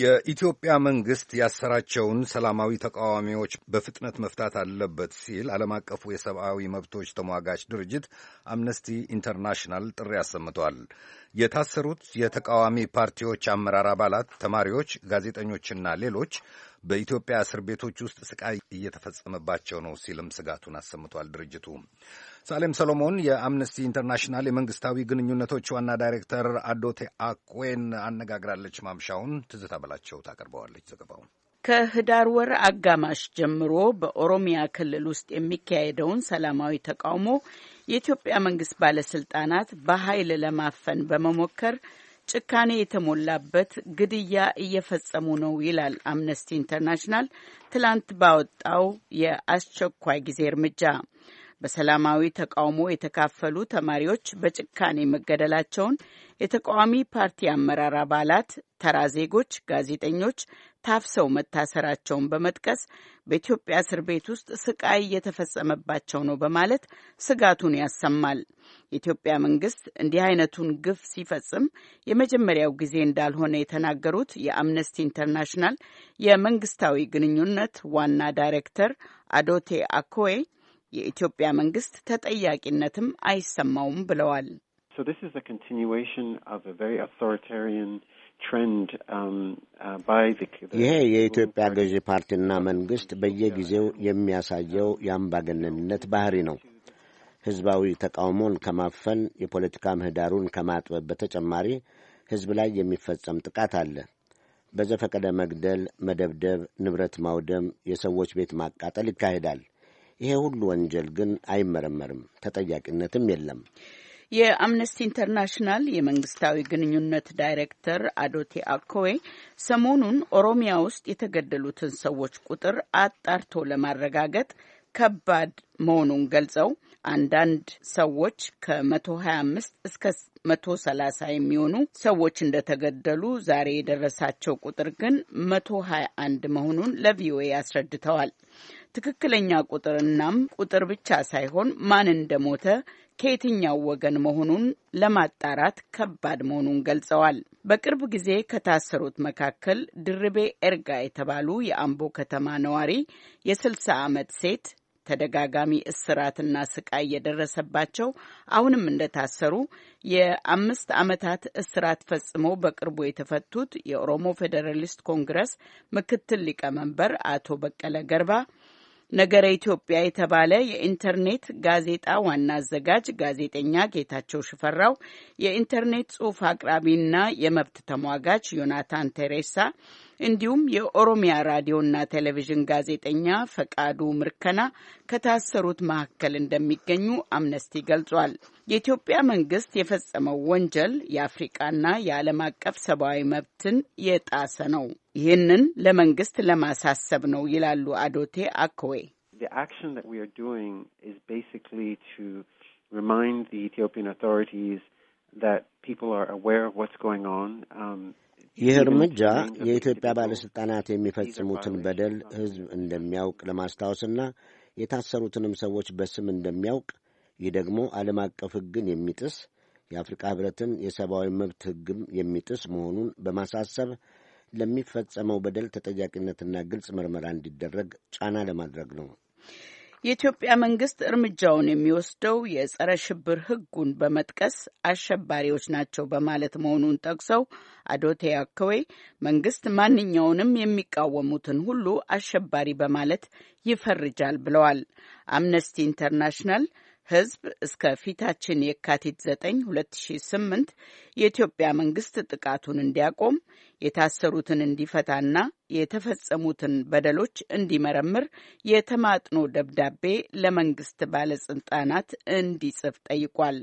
የኢትዮጵያ መንግሥት ያሰራቸውን ሰላማዊ ተቃዋሚዎች በፍጥነት መፍታት አለበት ሲል ዓለም አቀፉ የሰብአዊ መብቶች ተሟጋች ድርጅት አምነስቲ ኢንተርናሽናል ጥሪ አሰምቷል። የታሰሩት የተቃዋሚ ፓርቲዎች አመራር አባላት፣ ተማሪዎች፣ ጋዜጠኞችና ሌሎች በኢትዮጵያ እስር ቤቶች ውስጥ ስቃይ እየተፈጸመባቸው ነው ሲልም ስጋቱን አሰምቷል ድርጅቱ። ሳሌም ሰሎሞን የአምነስቲ ኢንተርናሽናል የመንግስታዊ ግንኙነቶች ዋና ዳይሬክተር አዶቴ አኩዌን አነጋግራለች። ማምሻውን ትዝታ በላቸው ታቀርበዋለች ዘገባውን። ከህዳር ወር አጋማሽ ጀምሮ በኦሮሚያ ክልል ውስጥ የሚካሄደውን ሰላማዊ ተቃውሞ የኢትዮጵያ መንግስት ባለስልጣናት በኃይል ለማፈን በመሞከር ጭካኔ የተሞላበት ግድያ እየፈጸሙ ነው ይላል አምነስቲ ኢንተርናሽናል ትላንት ባወጣው የአስቸኳይ ጊዜ እርምጃ። በሰላማዊ ተቃውሞ የተካፈሉ ተማሪዎች በጭካኔ መገደላቸውን የተቃዋሚ ፓርቲ አመራር አባላት፣ ተራ ዜጎች፣ ጋዜጠኞች ታፍሰው መታሰራቸውን በመጥቀስ በኢትዮጵያ እስር ቤት ውስጥ ስቃይ እየተፈጸመባቸው ነው በማለት ስጋቱን ያሰማል። የኢትዮጵያ መንግስት እንዲህ አይነቱን ግፍ ሲፈጽም የመጀመሪያው ጊዜ እንዳልሆነ የተናገሩት የአምነስቲ ኢንተርናሽናል የመንግስታዊ ግንኙነት ዋና ዳይሬክተር አዶቴ አኮዌ የኢትዮጵያ መንግስት ተጠያቂነትም አይሰማውም ብለዋል። um, uh, ይሄ የኢትዮጵያ ገዢ ፓርቲና መንግስት በየጊዜው የሚያሳየው የአምባገነንነት ባህሪ ነው። ህዝባዊ ተቃውሞን ከማፈን የፖለቲካ ምህዳሩን ከማጥበብ በተጨማሪ ህዝብ ላይ የሚፈጸም ጥቃት አለ። በዘፈቀደ መግደል፣ መደብደብ፣ ንብረት ማውደም፣ የሰዎች ቤት ማቃጠል ይካሄዳል። ይሄ ሁሉ ወንጀል ግን አይመረመርም፣ ተጠያቂነትም የለም። የአምነስቲ ኢንተርናሽናል የመንግስታዊ ግንኙነት ዳይሬክተር አዶቴ አኮዌ ሰሞኑን ኦሮሚያ ውስጥ የተገደሉትን ሰዎች ቁጥር አጣርቶ ለማረጋገጥ ከባድ መሆኑን ገልጸው አንዳንድ ሰዎች ከ125 እስከ 130 የሚሆኑ ሰዎች እንደተገደሉ ዛሬ የደረሳቸው ቁጥር ግን 121 መሆኑን ለቪኦኤ አስረድተዋል። ትክክለኛ ቁጥር እናም ቁጥር ብቻ ሳይሆን ማን እንደሞተ ከየትኛው ወገን መሆኑን ለማጣራት ከባድ መሆኑን ገልጸዋል። በቅርብ ጊዜ ከታሰሩት መካከል ድርቤ ኤርጋ የተባሉ የአምቦ ከተማ ነዋሪ የ60 ዓመት ሴት ተደጋጋሚ እስራትና ስቃይ የደረሰባቸው አሁንም እንደታሰሩ የአምስት ዓመታት እስራት ፈጽመው በቅርቡ የተፈቱት የኦሮሞ ፌዴራሊስት ኮንግረስ ምክትል ሊቀመንበር አቶ በቀለ ገርባ ነገረ ኢትዮጵያ የተባለ የኢንተርኔት ጋዜጣ ዋና አዘጋጅ ጋዜጠኛ ጌታቸው ሽፈራው፣ የኢንተርኔት ጽሑፍ አቅራቢና የመብት ተሟጋች ዮናታን ቴሬሳ እንዲሁም የኦሮሚያ ራዲዮና ቴሌቪዥን ጋዜጠኛ ፈቃዱ ምርከና ከታሰሩት መካከል እንደሚገኙ አምነስቲ ገልጿል። የኢትዮጵያ መንግስት የፈጸመው ወንጀል የአፍሪቃና የዓለም አቀፍ ሰብአዊ መብትን የጣሰ ነው። ይህንን ለመንግስት ለማሳሰብ ነው ይላሉ አዶቴ አኮዌ። ይህ እርምጃ የኢትዮጵያ ባለሥልጣናት የሚፈጽሙትን በደል ሕዝብ እንደሚያውቅ ለማስታወስና የታሰሩትንም ሰዎች በስም እንደሚያውቅ ይህ ደግሞ ዓለም አቀፍ ሕግን የሚጥስ የአፍሪካ ኅብረትን የሰብአዊ መብት ሕግም የሚጥስ መሆኑን በማሳሰብ ለሚፈጸመው በደል ተጠያቂነትና ግልጽ ምርመራ እንዲደረግ ጫና ለማድረግ ነው። የኢትዮጵያ መንግስት እርምጃውን የሚወስደው የጸረ ሽብር ህጉን በመጥቀስ አሸባሪዎች ናቸው በማለት መሆኑን ጠቅሰው አዶቴ አክዌ መንግስት ማንኛውንም የሚቃወሙትን ሁሉ አሸባሪ በማለት ይፈርጃል ብለዋል። አምነስቲ ኢንተርናሽናል ህዝብ እስከ ፊታችን የካቲት 9 2008 የኢትዮጵያ መንግስት ጥቃቱን እንዲያቆም የታሰሩትን እንዲፈታና የተፈጸሙትን በደሎች እንዲመረምር የተማጥኖ ደብዳቤ ለመንግስት ባለስልጣናት እንዲጽፍ ጠይቋል።